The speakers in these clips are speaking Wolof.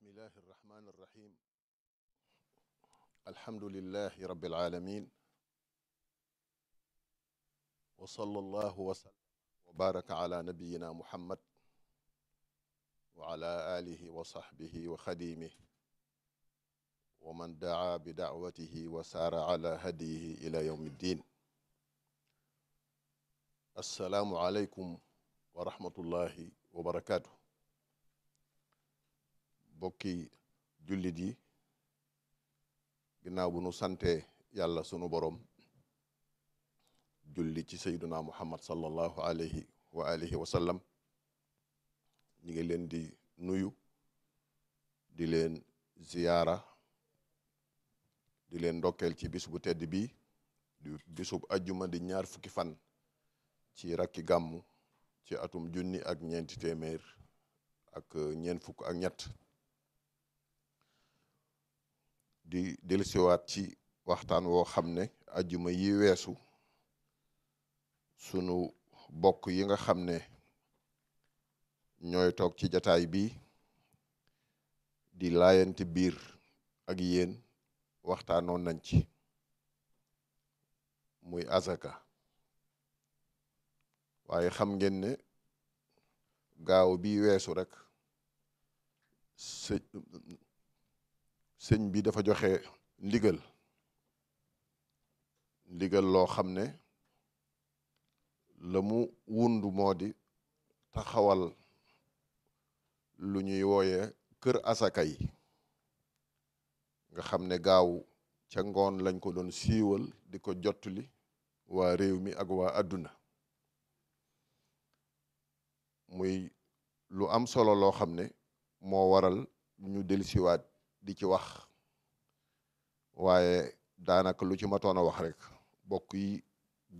bismillahi irrahmani irrahim alhamdulilahi rabilalamin wa sallallahu wa sallam wa baraka ala nabiyina muhammad wa ala alihi wa sahbihi wa xadimih wa man daa bi daawatihi wa saara ala hadiyihi ila yawmi ddin assalaamu aleykum wa rahmatullahi wa barakatuh bokki jullit yi ginnaaw bu nu sante yàlla sunu borom julli ci sayyiduna muhammad sallallahu alayhi wa alihi wa sallam ñi ngi leen di nuyu di leen ziyaara di leen dokkel ci bis tedd bi di bisub ajjuma di ñaar fukki fan ci rakki gàmmu ci atum junni ak ñeenti téeméer ak ñeent fukk ak ñett di dellusiwaat ci waxtaan woo xam ne ajjuma yi weesu sunu bokk yi nga xam ne ñooy toog ci jataay bi di laayante biir ak yéen waxtaanoon nañ ci muy azaka waaye xam ngeen ne gaaw bi weesu rek sëñ bi dafa joxe ndigal ndigal loo xam ne la mu wundu moo di taxawal lu ñuy wooyee kër asaka yi nga xam ne gaaw ca ngoon lañ ko doon siiwal di ko jottali waa réew mi ak waa àdduna muy lu am solo loo xam ne moo waral ñu dellusiwaat di ci wax waaye daanaka lu ci matoon a wax rek bokk yi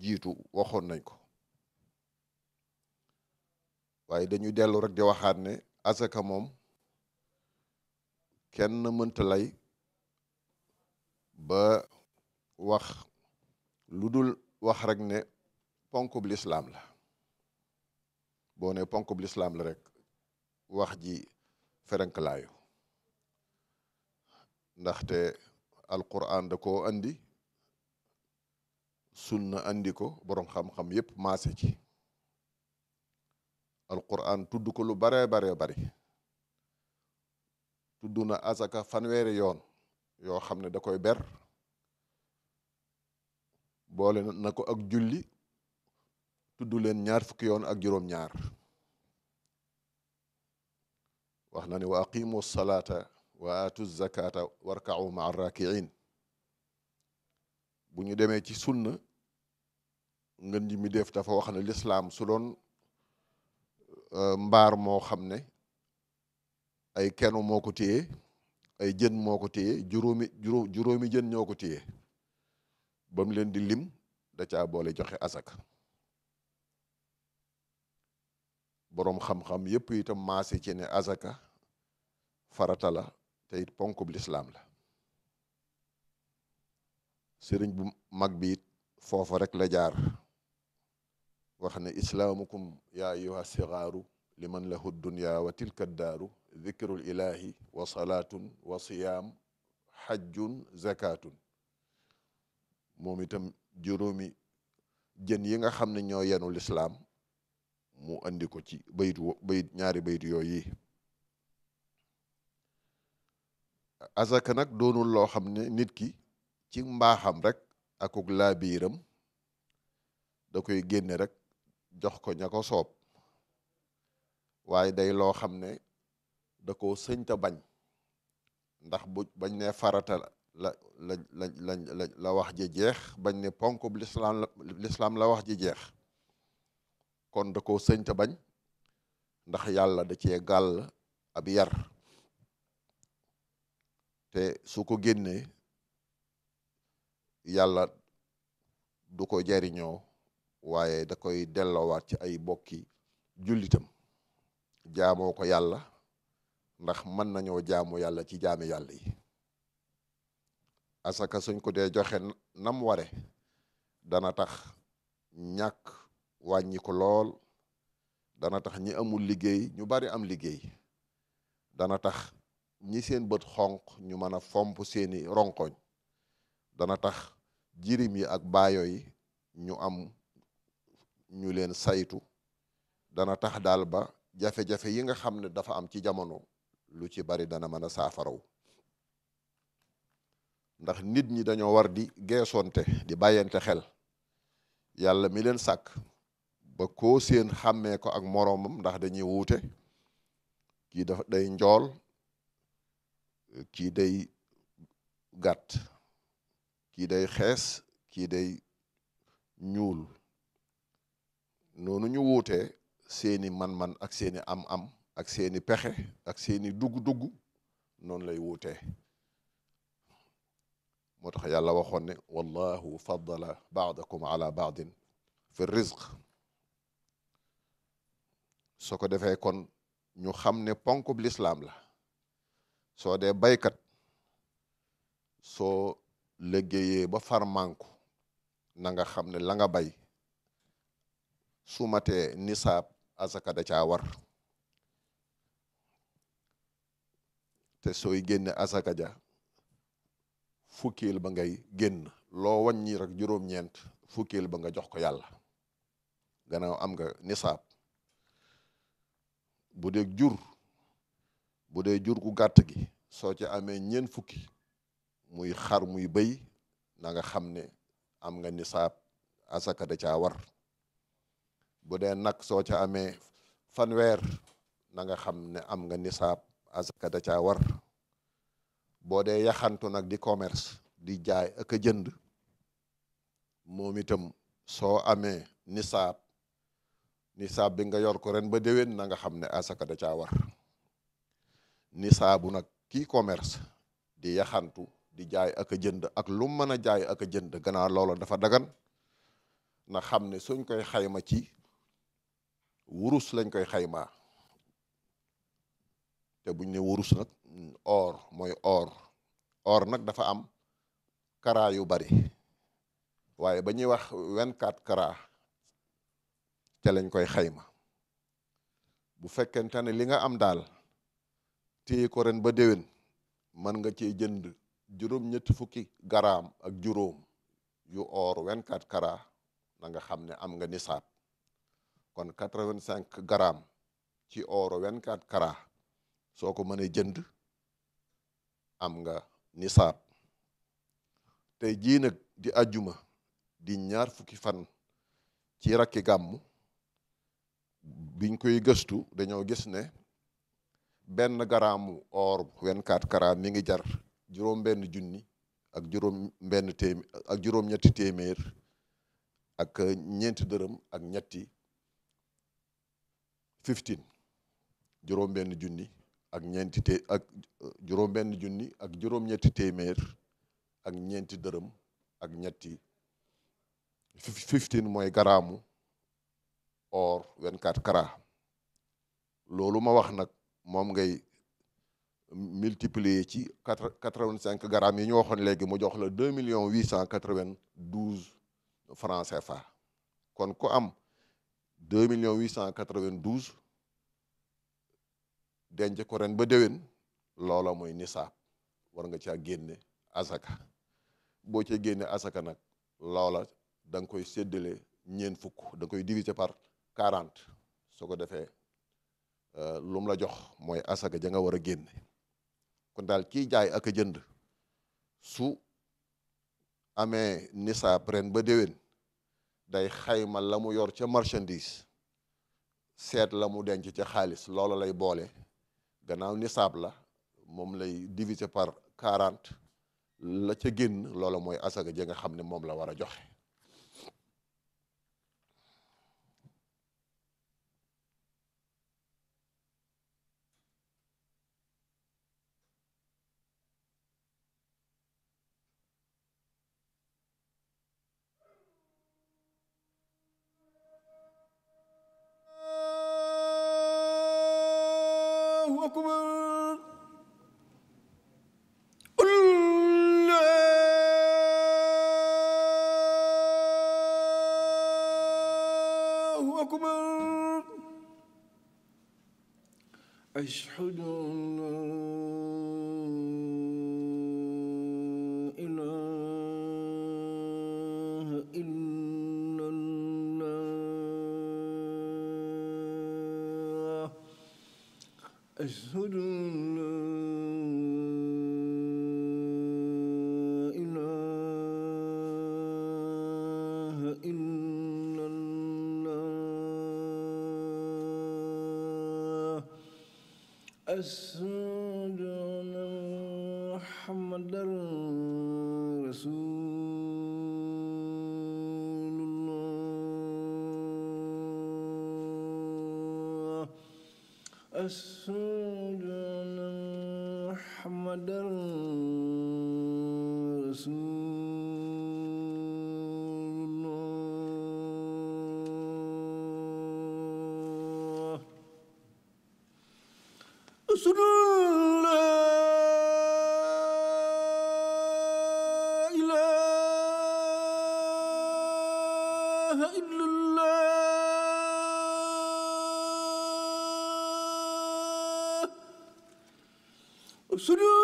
jiitu waxoon nañ ko waaye dañuy dellu rek di waxaan ne asaka moom kenn mënta lay ba wax lu dul wax rek ne ponkub lislaam la boo ne ponkub lislaam la rek wax ji ferenklaayu ndaxte alquran da koo andi sunna andi ko boroom xam-xam yépp maase ci alquran tudd ko lu baree baree bari tudd na asaka fanweeri yoon yoo xam ne da koy ber boole na ko ak julli tudd leen ñaar fukki yoon ak juróom-ñaar wax na ne wa aqimu salaata wa atu zakata warkau maa rakiin bu ñu demee ci sunna ngën ji mi def dafa wax ne lislaam su doon euh, mbaar moo xam ne ay kenu moo ko téye ay jën moo ko téye juróomi juróomi jën ñoo ko téye ba leen di lim da caa boole joxe asaka boroom xam-xam yépp itam maase ci ne azaka farata la te it ponkub lislaam la sëriñ bu mag bi foofa rek la jaar wax ne islaamukum yaa ayyuha sigaaru liman lahu dunya wa tilka daaru dikrul ilahi wa salaatun wa siyaam xajjun zakatun moom itam juróomi jën yi nga xam ne ñoo yenu lislaam mu andi ko ci bayit ñaari bayit yooyu asaka nag doonul loo xam ne nit ki ci mbaaxam rek akuk laa biiram da koy génne rek jox ko ña ko soob waaye day loo xam ne da koo sëñta bañ ndax bu bañ ne farata la la la la la wax ji jeex bañ ne ponk bu lislaam lislaam la wax ji jeex kon da koo sëñta bañ ndax yàlla da cee gàll ab yar te su ko génnee yàlla du ko jariñoo waaye da koy delloowaat ci ay bokki jullitam jaamoo ko yàlla ndax mën nañoo jaamu yàlla ci jaami yàlla yi asaka suñ ko dee joxe nam ware dana tax ñàkk wàññi ko lool dana tax ñi amul liggéey ñu bari am liggéey dana tax ñi seen bët xonq ñu mën a fomp seeni ronqoñ dana tax jirim yi ak baayo yi ñu am ñu leen saytu dana tax daal ba jafe-jafe yi nga xam ne dafa am ci jamono lu ci bari dana mën a saafaraw ndax nit ñi dañoo war di geesonte di bàyyante xel yàlla mi leen sàkk ba koo seen xàmmee ko ak moroomam ndax dañuy wuute ki dafa day njool kii day gàtt kii day xees kii day ñuul noonu ñu wuutee seeni man-man ak seeni am-am ak seeni pexe ak seeni dugg-dugg noonu lay wuutee moo tax yàlla waxoon ne wallahu faddala baadakum ala baadin fi risq soo ko defee kon ñu xam ne ponkub lislaam la soo dee baykat soo liggéeyee ba far mànku na nga xam ne la nga bay su matee nisaab asaka da caa war te sooy génne asaka ja fukkeel ba ngay génn loo wàññi rek juróom-ñeent fukkeel ba nga jox ko yàlla gannaaw am nga nisaab bu dee jur bu dee jur gu gàtt gi soo ca amee ñeent fukki muy xar muy bay nanga xam ne am nga nisaab asaka da caa war bu dee nag soo ca amee fanweer nanga xam ne am nga nisaab asaka da caa war boo dee yaxantu nag di commerce di jaay ak jënd moom itam soo amee nisaab nisaab bi nga yor ko ren ba déwén na nga xam ne asaka da caa nisaabu nag kii commerce di yaxantu di jaay ak a jënd ak lu mën a jaay ak jënd gannaaw loola dafa dagan na xam ne suñ koy xayma ci wurus lañ koy xaymaa te buñ ne wurus nag or mooy or or nag dafa am kara yu bari waaye ba ñuy wax vingt-quatre kara ca lañ koy xayma bu fekkente ne li nga am daal téye ko ba déwén man nga cee jënd juróom ñetti fukki garaam ak juróom yu or 24 carats na nga xam ne am nga nisaab kon 85 garaam ci or 24 carats soo ko mënee jënd am nga nisaab te jii di ajjuma di ñaar fukki fan ci rakki gàmm biñ koy gëstu dañoo gis ne benn garamu or 24 carats mi ngi jar juróom-benn junni ak juróom-benn téeméer ak juróom-ñetti téeméer ak ñeenti dërëm ak ñetti 15 juróom-benn junni ak juróom ñetti téeméer ak ñeenti dërëm ak ñetti 15 mooy garamu or 24 carats loolu wax nag. moom ngay multiplier ci quatre quatre vingt cinq grammes yi ñu waxoon léegi mu jox la deux millions huit cent quatre vingt douze francs CFA kon ku am deux millions huit cent quatre vingt douze denc ko ren ba déwén loola mooy nisaab war nga caa génne asaka boo ca génne asaka nag loola danga koy séddale ñeent fukk da koy diviser par quarante soo ko defee Euh, lu mu la jox mooy asaka ja nga war a génne kon daal kiy jaay ak jënd su amee nisaab ren ba déwén day xayma la mu yor ca marchandise seet la mu denc ca xaalis loola lay boole gannaaw nissaab la moom lay diviser par quarante la ca génn loola mooy asaka ja nga xam ne moom la war a joxe sudul Absolument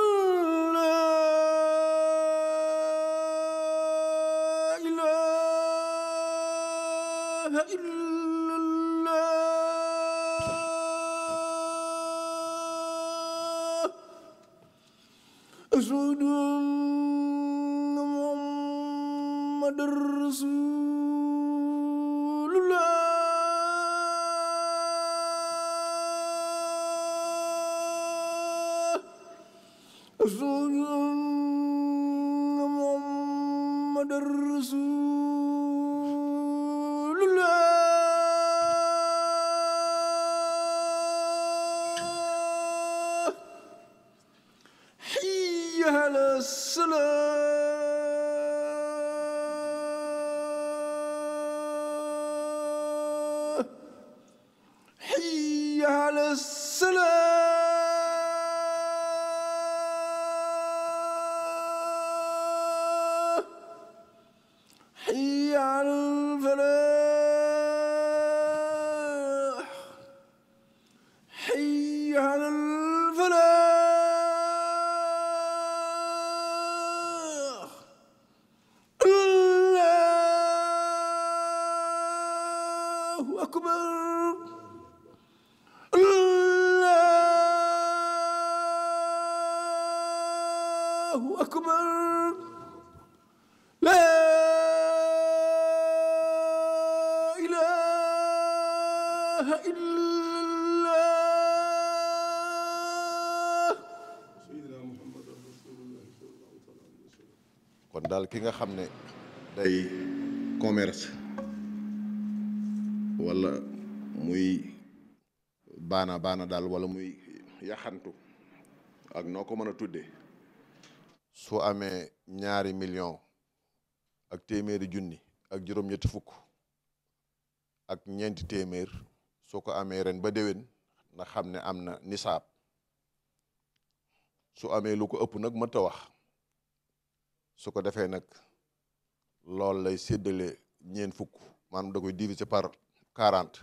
الله أكبر الله أكبر لا إله إلا سيدنا محمد رسول الله صلى الله عليه وسلم kon daal ki nga xam ne day commerce baana baana daal wala muy yaxantu ak noo ko mën a tuddee su amee ñaari million ak téeméeri junni ak juróom-ñetti fukk ak ñeenti téeméer soo ko amee ren ba déwén na xam ne am na nisaab su amee lu ko ëpp nag mënta wax su ko defee nag loolu lay séddale ñeent fukk maanaam da koy diviser par quarante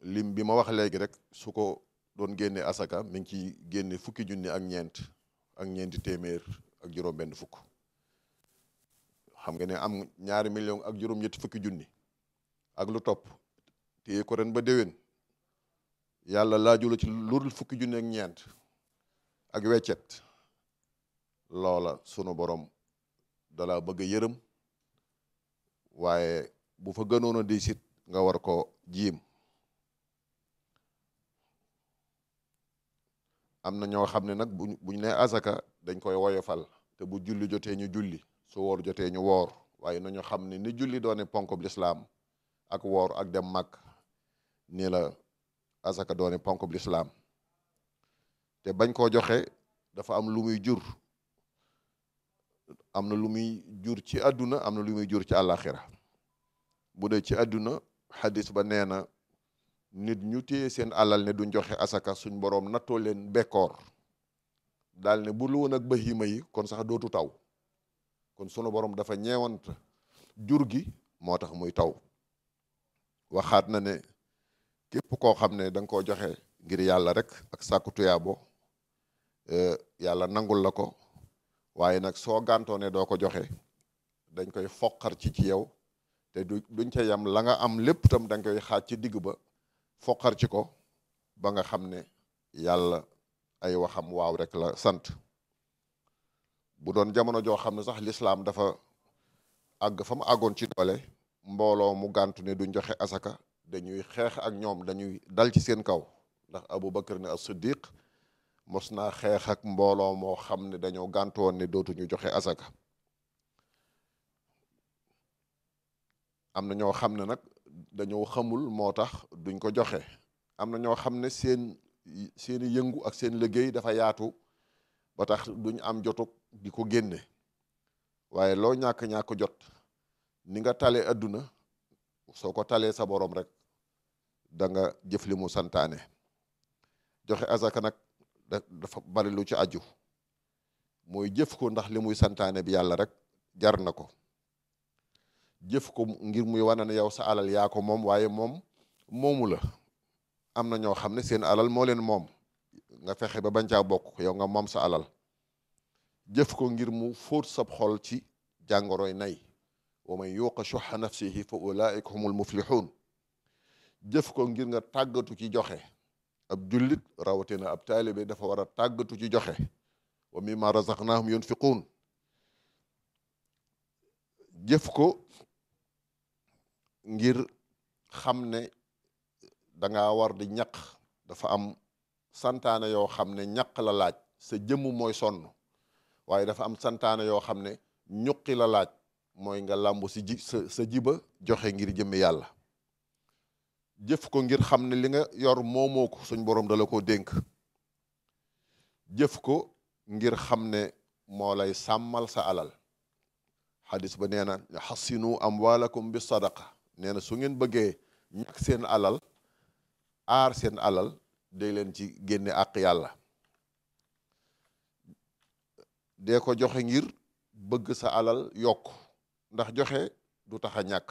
lim bi ma wax léegi rek su ko doon génne asaka mi ngi ciy génne fukki junni ak ñeent ak ñeenti téeméer ak juróom-benn fukk xam nga ne am ñaari million ak juróom-ñetti fukki junni ak lu topp téye ko ren ba déwén yàlla laaju la ci lu fukki junni ak ñeent ak weccet loola sunu borom dala bëgg yërëm waaye bu fa gënoon a diisit nga war ko jiim am na ñoo xam ne nag bu buñ ne azaka dañ koy woyofal te bu julli jotee ñu julli su woor jotee ñu woor waaye nañu xam ne ni julli doone ponk lislaam ak woor ak dem màkk nii la azaka doone ponk lislaam te bañ koo joxe dafa am lu jur am na lu muy jur ci àdduna am na lu muy jur ci àllaaxira bu dee ci àdduna xadis ba nee na nit ñu téye seen alal ne duñ joxe asaka suñ borom nattoo leen bekkoor daal ne bu lu woon ak bahima yi kon sax dootu taw kon sunu borom dafa ñeewant jur gi moo tax muy taw waxaat na ne képp koo xam ne da nga koo joxe ngir yàlla rek ak sàkku tuyaabo e, yàlla nangul la ko waaye nag soo gàntoo ne doo ko joxe dañ koy foqar ci ci yow te du duñ ca yam la nga am lépp tam dang koy xaaj ci digg ba foqar ci ko ba nga xam ne yàlla ay waxam waaw rek la sant bu doon jamono joo xam ne sax lislaam dafa àgg fa mu àggoon ci doole mbooloo mu gantu ne duñ joxe asaka dañuy xeex ak ñoom dañuy dal ci seen kaw ndax Abu Bakar ne as-Siddiq mos naa xeex ak mbooloo moo xam ne dañoo gàntu woon ne dootuñu joxe asaka am na ñoo xam ne nag dañoo xamul moo tax duñ ko joxe am na ñoo xam ne seen seen yëngu ak seen liggéey dafa yaatu ba tax duñ am jotu di ko génne waaye loo ñàkk ñàkk jot ni nga tale adduna soo ko talee sa borom rek da nga jëf li mu santaane joxe azaka nag dafa bari lu ci aju mooy jëf ko ndax li muy santaane bi yàlla rek jar na ko jëf ko ngir muy wane ne yow sa alal yaa ko moom waaye moom moomu la am na ñoo xam ne seen alal moo leen moom nga fexe ba bañ caa bokk yow nga moom sa alal jëf ko ngir mu fóot sab xol ci jàngoroy nay wa man yuuqa shuha nafsihi fa ulaika humul muflihun jëf ko ngir nga tàggatu ci joxe ab jullit rawatina ab taalibe dafa war a tàggatu ci joxe wa mimma razaqnahum yunfiqun jëf ko ngir xam ne danga nga war di ñaq dafa am santaane yoo xam ne ñaq la laaj sa jëmm mooy sonn waaye dafa am santaane yoo xam ne ñuqi la laaj mooy nga làmb si ji sa jiba joxe ngir jëmmi yàlla jëf ko ngir xam ne li nga yor moomoo ko suñ borom dala koo dénk jëf ko ngir xam ne moo lay sàmmal sa alal xadis ba nee na xasinu amwaalakum bi sadaqa nee na su ngeen bëggee ñàkk seen alal aar seen alal day leen ci génne àq yàlla dee ko joxe ngir bëgg sa alal yokk ndax joxe du tax a ñàkk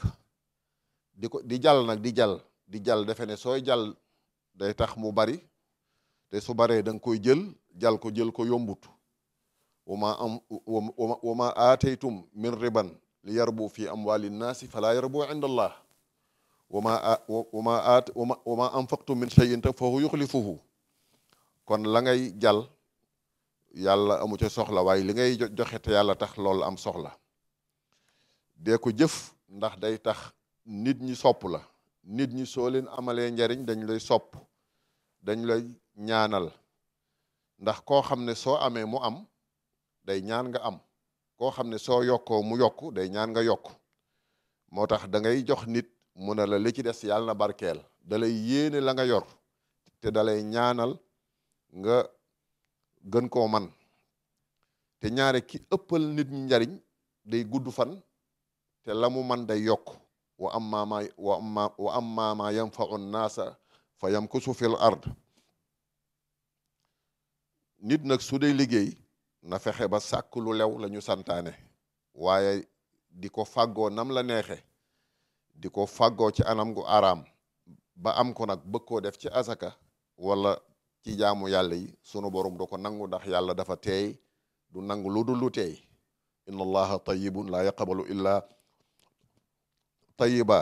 di ko di jàll nag di jàll di jàll defe ne sooy jal day tax mu bari te su baree da koy jël jal ko jël ko yombut wa ma am wa ma aataytum min riban li yarbu fi amwali nnaasi falaa yarbu inda allah wama wama aat wama anfaqtum min cheyin te kon la ngay jàll yàlla amu ca soxla waaye li ngay joxe te yàlla tax loolu am soxla deko ko jëf ndax day tax nit ñi sopp la nit ñi soo leen amalee njariñ dañ lay sopp dañ lay ñaanal ndax koo xam ne soo amee mu am day ñaan nga am koo xam ne soo yokkoo mu yokk day ñaan nga yokk moo tax da ngay jox nit mu ne la li ci des yàlla na barkeel da lay yéene la nga yor te da lay ñaanal nga gën koo man te ñaare ki ëppal nit njariñ day gudd fan te lamu man day yokk wa amma ma wa amma wa amma ma yanfa'u naasa fa yamkusu fil ard nit nag su dee liggéey na fexe ba sàkk lu lew la ñu santaane waaye di ko fàggoo nam la neexe di ko fàggoo ci anam gu araam ba am ko nag bëgg koo def ci asaka walla ci jaamu yàlla yi sunu borom du ko nangu ndax yàlla dafa teey du nangu lu dul lu teey inna allaha tayyibun la yaqbalu illa tayyiba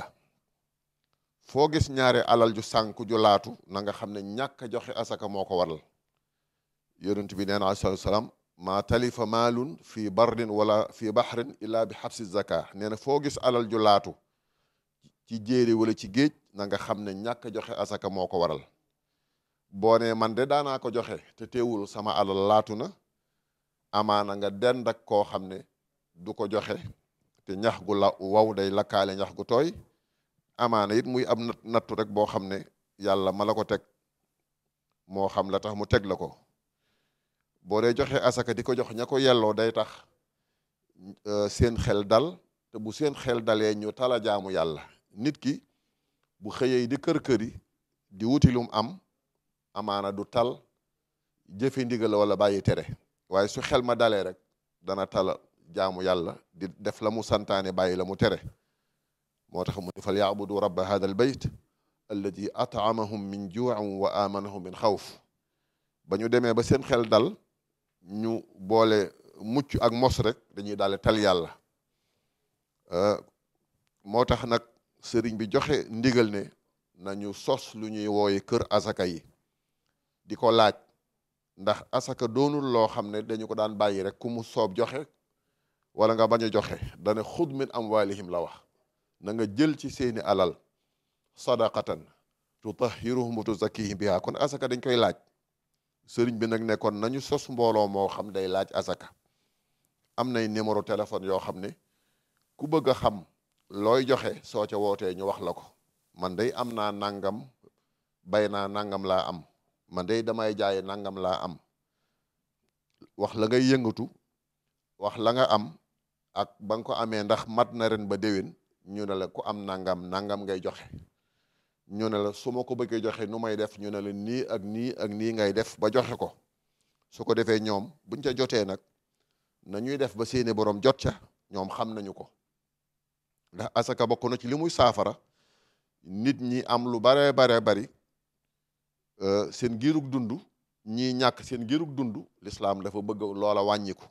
foo gis ñaari alal ju sànk ju laatu na nga xam ne ñàkk a joxe asaka moo ko waral yonent bi neen alayhi salaam ma talifa maalun fii barrin wala fii bahrin illaa bi xabsi zaka nee na foo gis alal ju laatu ci jéeri wala ci géej na nga xam ne ñàkk joxe asaka moo ko waral boo ne man de daanaa ko joxe te teewul sama alal laatu na amaana nga dend ak koo xam ne du ko joxe te ñax gu la waw day lakkaale ñax gu tooy amaana it muy am nattu rek boo xam ne yàlla ma la ko teg moo xam la tax mu teg la ko boo dee joxe asaka di ko jox ña ko yelloo day tax euh, seen xel dal te bu seen xel dalee ñu tala jaamu yàlla nit ki bu xëyee di kër kër yi di wuti lum am amaana du tal jëfe ndigal wala bàyyi tere waaye su xel ma dalee rek dana tala jaamu yàlla di def la mu santaane bàyyi la mu tere moo tax mu ni fal yaabudu rabba hada al bayt alladi atamahum min juin wa amanahum min xawf ba ñu demee ba seen xel dal ñu boole mucc ak mos rek dañuy daale tal yàlla euh, moo tax nag sëriñ bi joxe ndigal ne nañu sos lu ñuy wooye kër asaka yi di ko laaj ndax asaka doonul loo xam ne dañu ko daan bàyyi rek ku mu soob joxe wala nga bañ a joxe dana xut xud min amwalihim la wax na nga jël ci seeni alal sadaqatan tutahhiruhum wa tuzakkihim biha kon asaka dañ koy laaj sëriñ bi nag nekkoon nañu sos mbooloo moo xam day laaj asaka am nay numéro téléphone yoo xam ne ku bëgg a xam looy joxe soo ca wootee ñu wax la ko man day am naa nangam bay naa nangam laa am man day damay jaaye nangam laa am wax la ngay yëngatu wax la nga am ak ba nga ko amee ndax mat na ren ba déwén ñu ne la ku am nangam nangam ngay joxe ñu ne la su ma ko bëggee joxe nu may def ñu ne la nii ak nii ak nii ngay def ba joxe ko su ko defee ñoom buñ ca jotee nag na ñuy def ba seeni borom jot ca ñoom xam nañu ko ndax asaka bokk na ci li muy saafara nit ñi am lu baree baree bari euh, seen giirug dund ñii ñàkk seen giirug dundu lislaam dafa bëgg loola wàññiku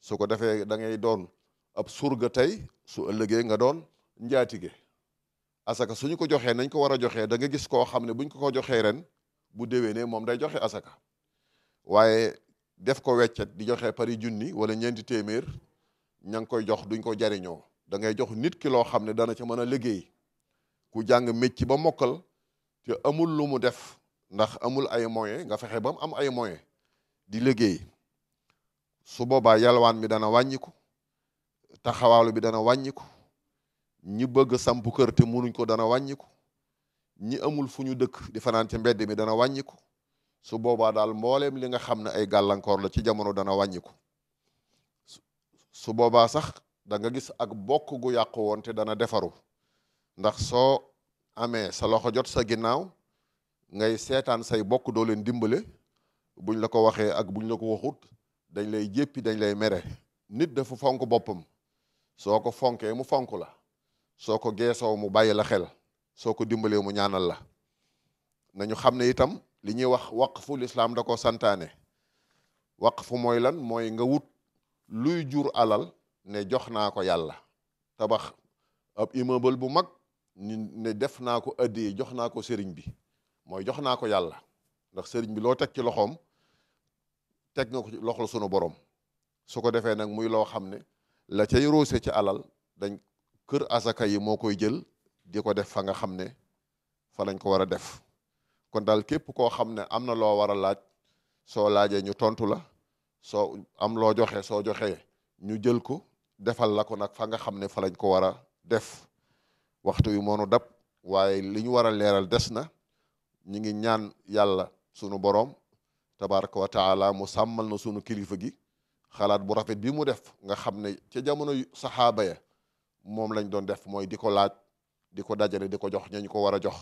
su ko defee da ngay doon ab surga tey su ëllëgee nga doon njaatige asaka suñu ko joxee nañ ko war a joxee da nga gis koo xam ne buñ ko ko joxee ren bu déwénee moom day joxe asaka waaye def ko weccet di joxe pari junni wala ñeenti téeméer ña ngi koy jox duñ ko jariñoo da ngay jox nit ki loo xam ne dana ca mën a liggéey ku jàng mécc ba mokkal te amul lu mu def ndax amul ay moyen nga fexe ba mu am ay moyen di liggéey su boobaa yalwaan mi dana wàññiku taxawaalu bi dana wàññiku ñi bëgg samp kër te munuñ ko dana wàññiku ñi amul fu ñu dëkk di fanaan ci mbedd mi dana wàññiku su boobaa daal mbooleem li nga xam ne ay gàllankoor la ci jamono dana wàññiku su boobaa sax danga gis ak bokk gu yàqu woon dana defaru ndax soo amee sa loxo jot sa ginnaaw ngay seetaan say bokk doo leen dimbale buñ la ko waxee ak buñ la ko waxut dañ lay jéppi dañ lay mere nit dafu fonk boppam soo ko fonkee mu fonk la soo ko geesoo mu bàyyi la xel soo ko dimbalee mu ñaanal la nañu xam ne itam li ñuy wax fu lislaam da ko santaane fu mooy lan mooy nga wut luy jur alal ne jox naa ko yàlla tabax ab immeuble bu mag ñu ne def naa ko addi jox naa ko sëriñ bi mooy jox naa ko yàlla ndax sëriñ bi loo teg ci loxoom teg nga ko ci loxol sunu borom su ko defee nag muy loo xam ne la cay roose ci alal kër asaka yi moo koy jël di ko def fa nga xam ne fa lañ ko war a def kon daal képp koo xam ne am na loo war a laaj soo laajee ñu tontu la soo am loo joxe soo joxee ñu jël ko defal la ko nag fa nga xam ne fa lañ ko war a def waxtu wi moonu dab waaye li ñu war a leeral des na ñu ngi ñaan yàlla sunu boroom tabaraka wa taala mu sàmmal na sunu kilifa gi xalaat bu rafet bi mu def nga xam ne ca jamono saxaaba ya moom lañ doon def mooy di ko laaj di ko dajale di ko jox ña ñu ko war a jox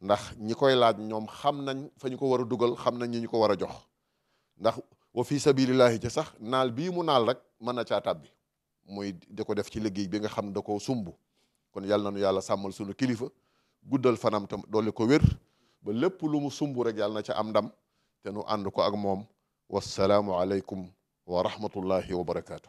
ndax ñi koy laaj ñoom xam nañ fa ñu ko war a dugal xam nañ ñi ñu ko war a jox ndax wa fi sabilillahi ci sax naal bii mu naal rek mën na caa tàbbi muy di ko def ci liggéey bi nga xam da koo sumb kon yàlla nañu yàlla sàmmal sunu kilifa guddal fanam tam doole ko wér ba lépp lu mu sumb rek yàlla na ca am ndam tenu nu ànd ko ak moom wasalaamu aleykum wa rahmatullahi wa barakaatu.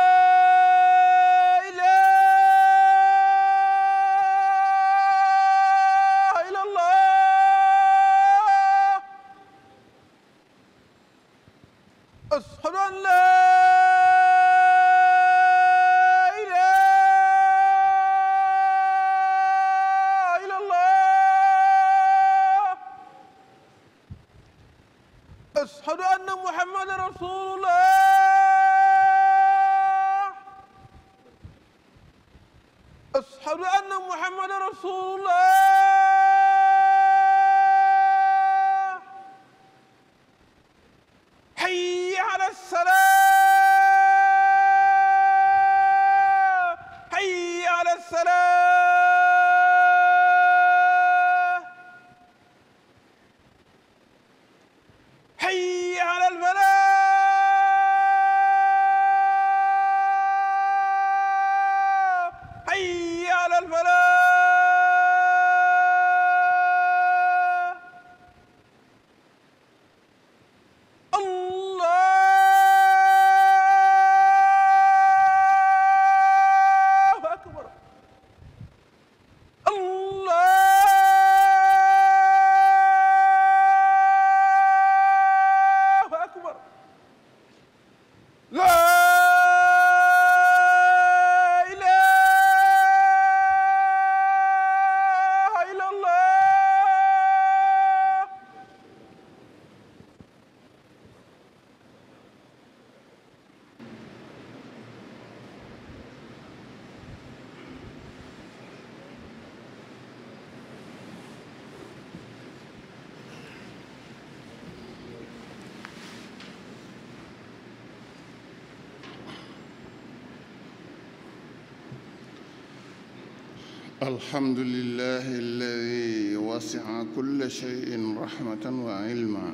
الحمد لله الذي وسع كل شيء رحمة وعلما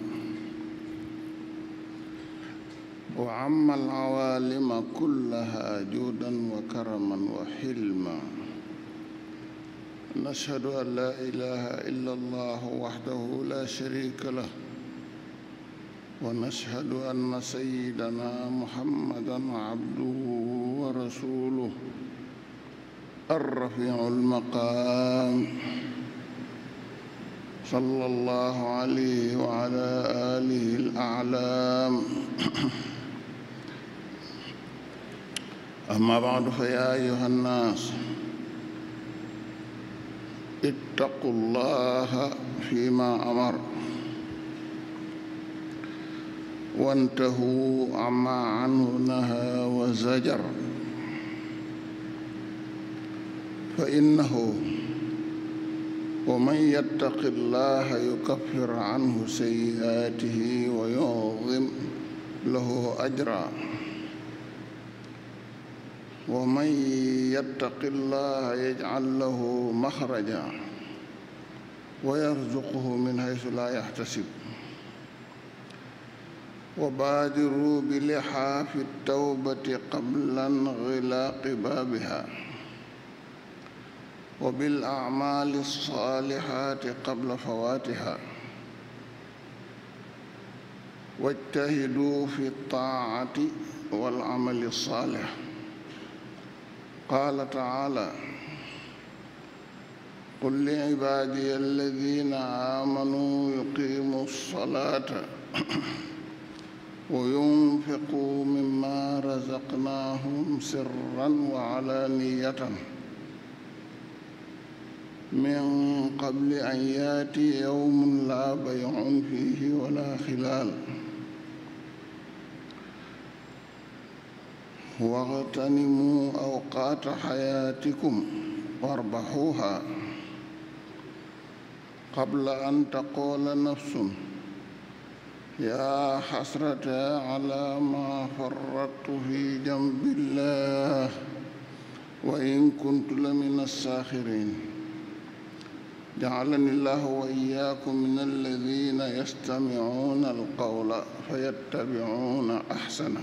وعم العوالم كلها جودا وكرما وحلما نشهد أن لا إله إلا الله وحده لا شريك له ونشهد أن سيدنا محمدا عبده ورسوله الرفيع المقام صلى الله عليه وعلى آله الأعلام أما بعد فيا أيها الناس اتقوا الله فيما أمر وانتهوا عما عنه نهى وزجر فإنه ومن يتق الله يكفر عنه سيئاته ويعظم له أجرا ومن يتق الله يجعل له مخرجا ويرزقه من حيث لا يحتسب وبادروا بلحاف التوبة قبل انغلاق بابها وبالأعمال الصالحات قبل فواتها واجتهدوا في الطاعة والعمل الصالح قال تعالى قل لعبادي الذين آمنوا يقيموا الصلاة وينفقوا مما رزقناهم سرا وعلانية من قبل أن يأتي يوم لا بيع فيه ولا خلال واغتنموا أوقات حياتكم واربحوها قبل أن تقول نفس يا حسرة على ما فرطت في جنب الله وإن كنت لمن الساخرين جعلني الله وإياكم من الذين يستمعون القول فيتبعون أحسنه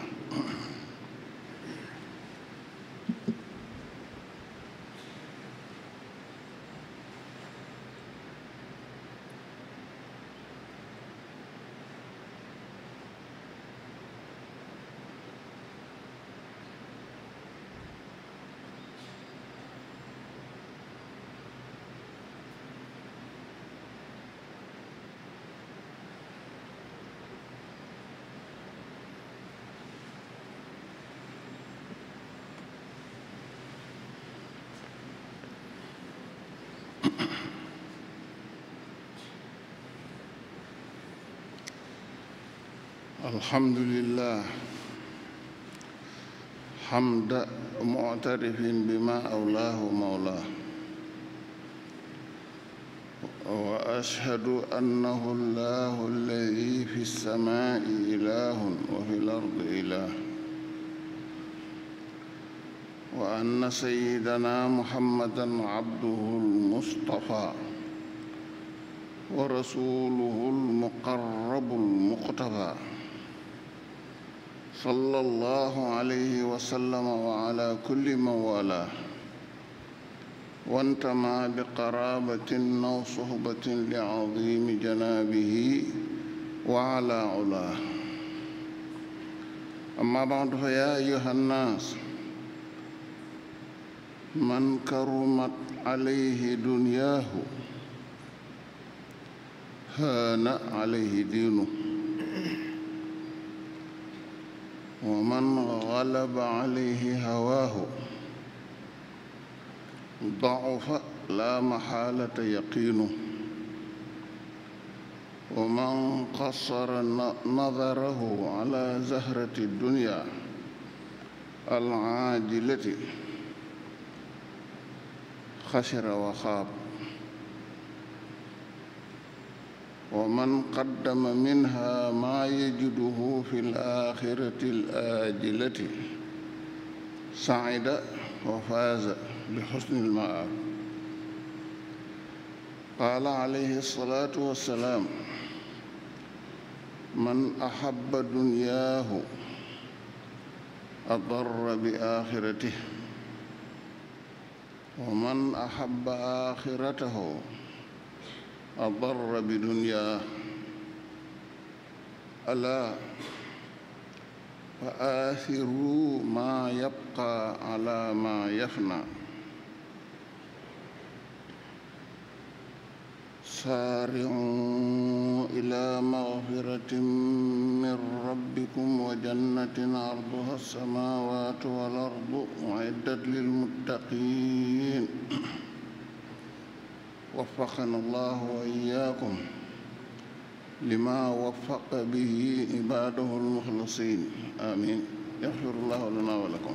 الحمد لله حمد معترف بما أولاه مولاه وأشهد أنه الله الذي في السماء إله وفي الأرض إله وأن سيدنا محمدا عبده المصطفى ورسوله المقرب المقتفى صلى الله عليه وسلم وعلى كل من والاه وانتمى بقرابة أو صحبة لعظيم جنابه وعلى علاه أما بعد فيا أيها الناس من كرمت عليه دنياه هان عليه دينه ومن غلب عليه هواه ضعف لا محالة يقينه ومن قصر نظره على زهرة الدنيا العاجلة خسر وخاب ومن قدم منها ما يجده في الآخرة الآجلة سعد وفاز بحسن المآب قال عليه الصلاة والسلام من أحب دنياه أضر بآخرته ومن أحب آخرته أضر بدنياه ألا وآثروا ما يبقى على ما يفنى سارعوا إلى مغفرة من ربكم وجنة عرضها السماوات والأرض أعدت للمتقين وفقنا الله وإياكم لما وفق به عباده المخلصين آمين يغفر الله لنا ولكم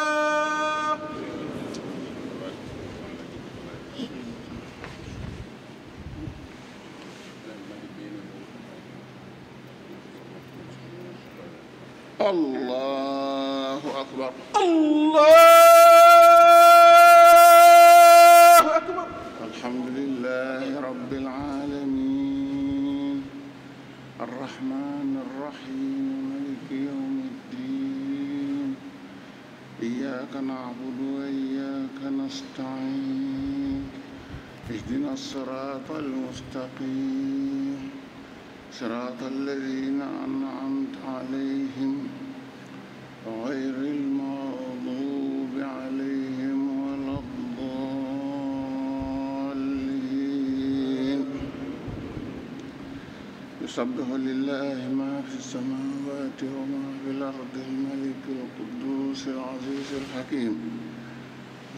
يسبح لله ما في السماوات وما في الأرض الملك القدوس العزيز الحكيم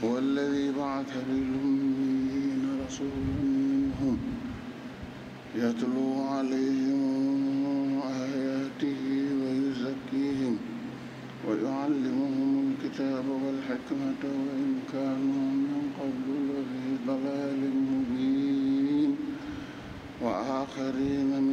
هو الذي بعث بالأمين رسولا منهم يتلو عليهم آياته ويزكيهم ويعلمهم الكتاب والحكمة وإن كانوا من قبل لفي ضلال مبين وآخرين من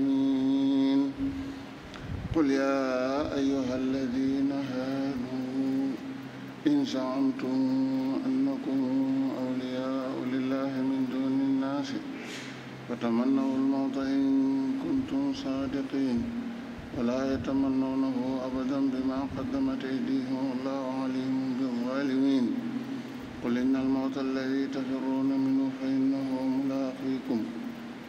قل يا أيها الذين هادوا إن زعمتم أنكم أولياء لله من دون الناس فتمنوا الموت إن كنتم صادقين ولا يتمنونه أبدا بما قدمت أيديهم والله عليم بالظالمين قل إن الموت الذي تفرون منه فإنه ملاقيكم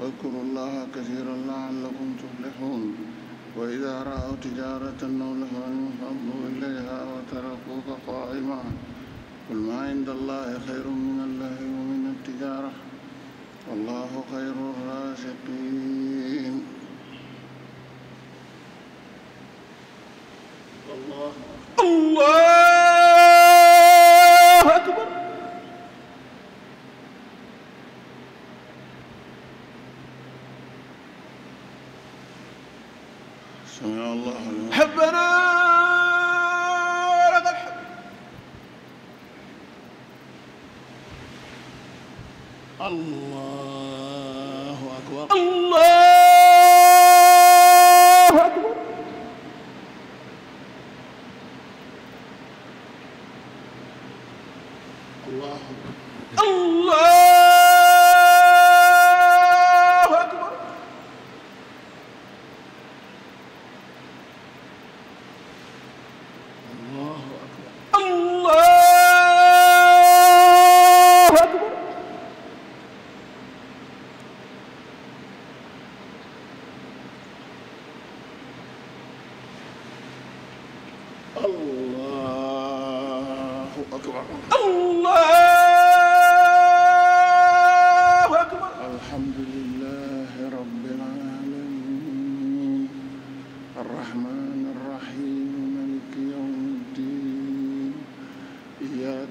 واذكروا الله كثيرا لعلكم تفلحون وإذا رأوا تجارة أو لهوا انفضوا إليها وتركوك قائما قل ما عند الله خير من الله ومن التجارة والله خير الرازقين الله الله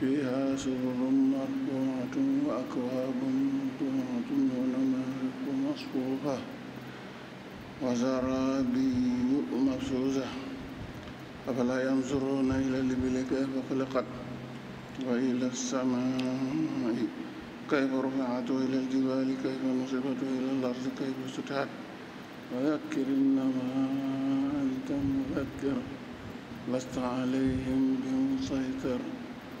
فيها سرر مرفوعة وأكواب موضوعة ونمارق مصفوفة وزرابي مبثوثة أفلا ينظرون إلى الإبل كيف خلقت وإلى السماء كيف رفعت وإلى الجبال كيف نصبت وإلى الأرض كيف سطحت وذكر إنما أنت مذكر لست عليهم بمسيطر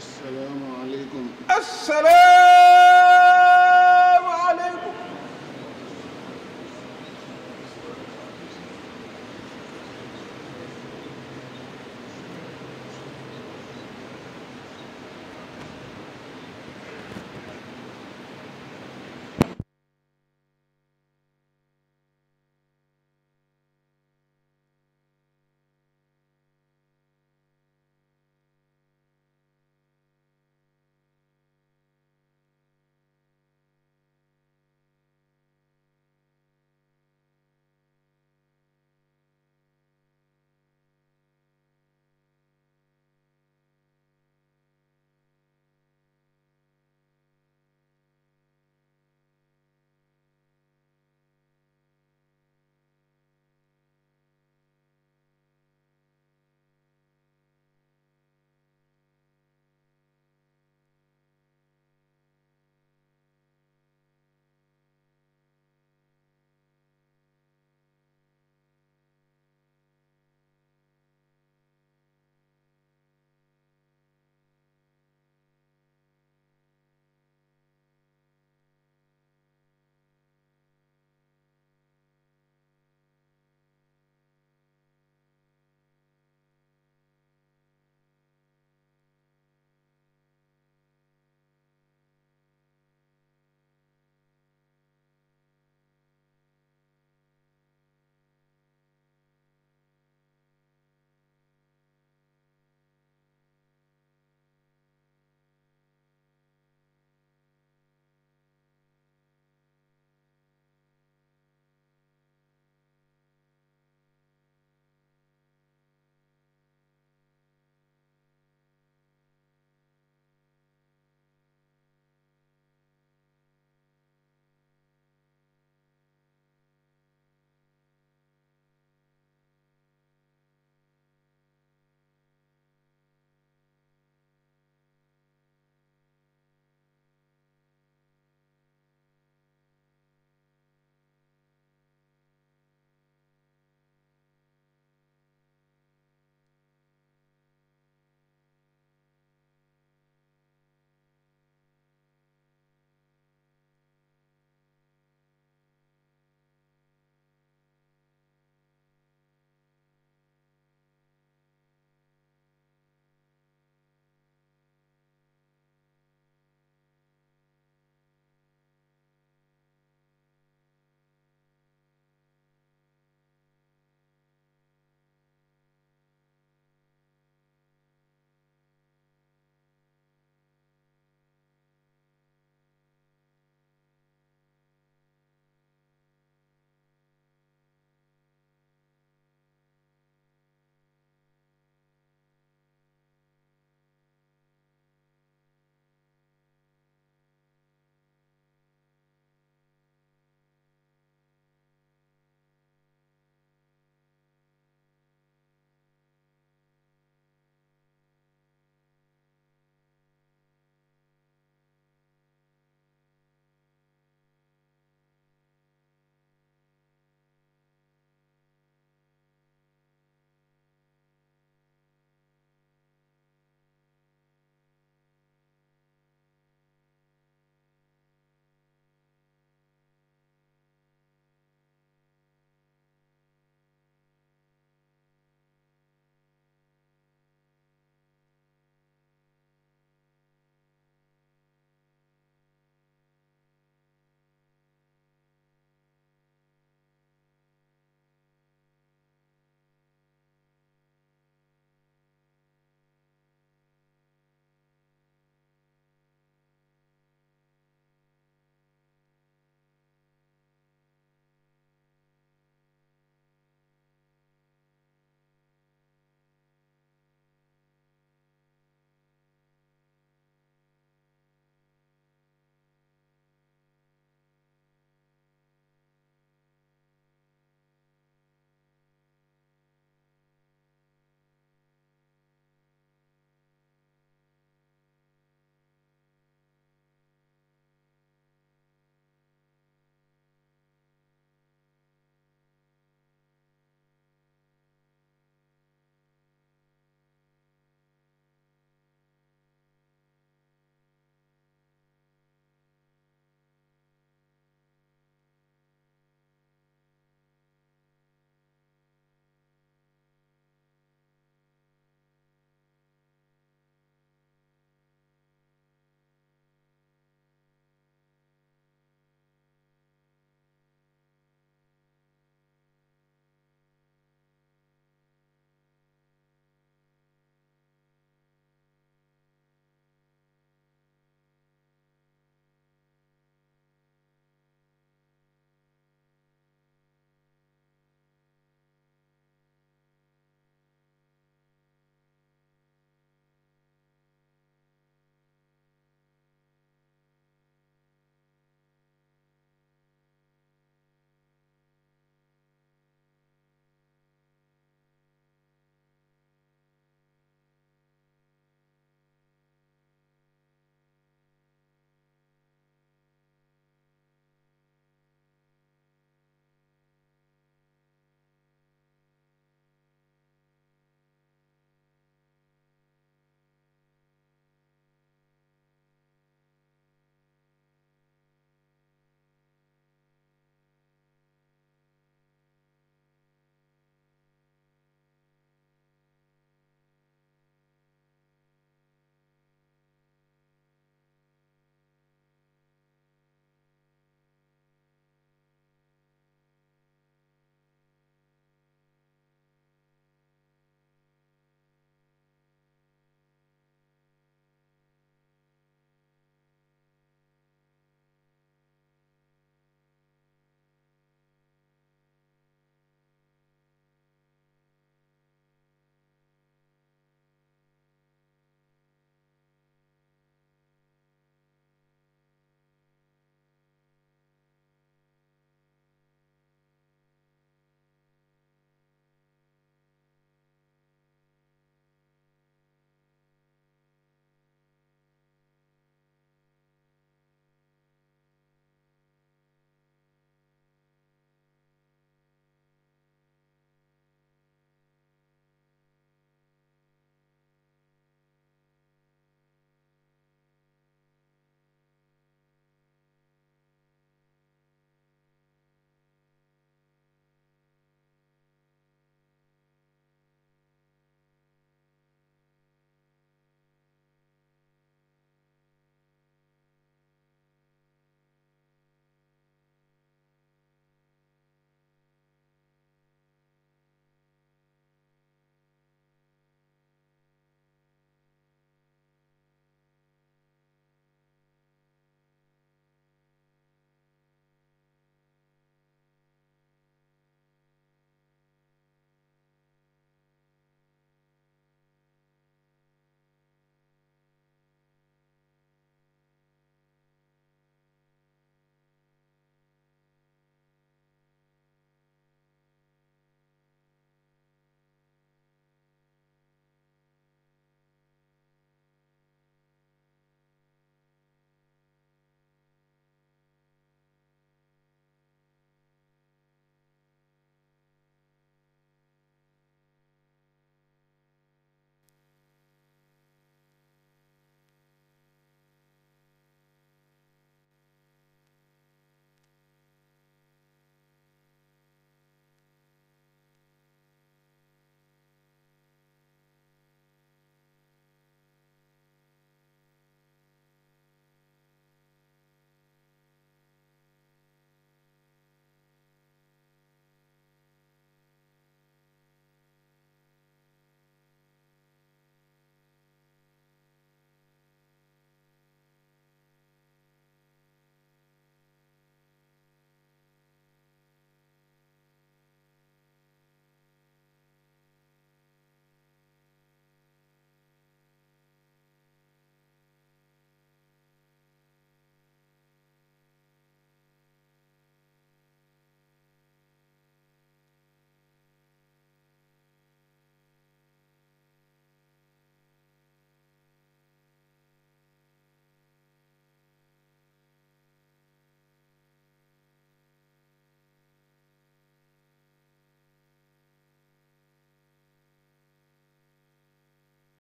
السلام عليكم السلام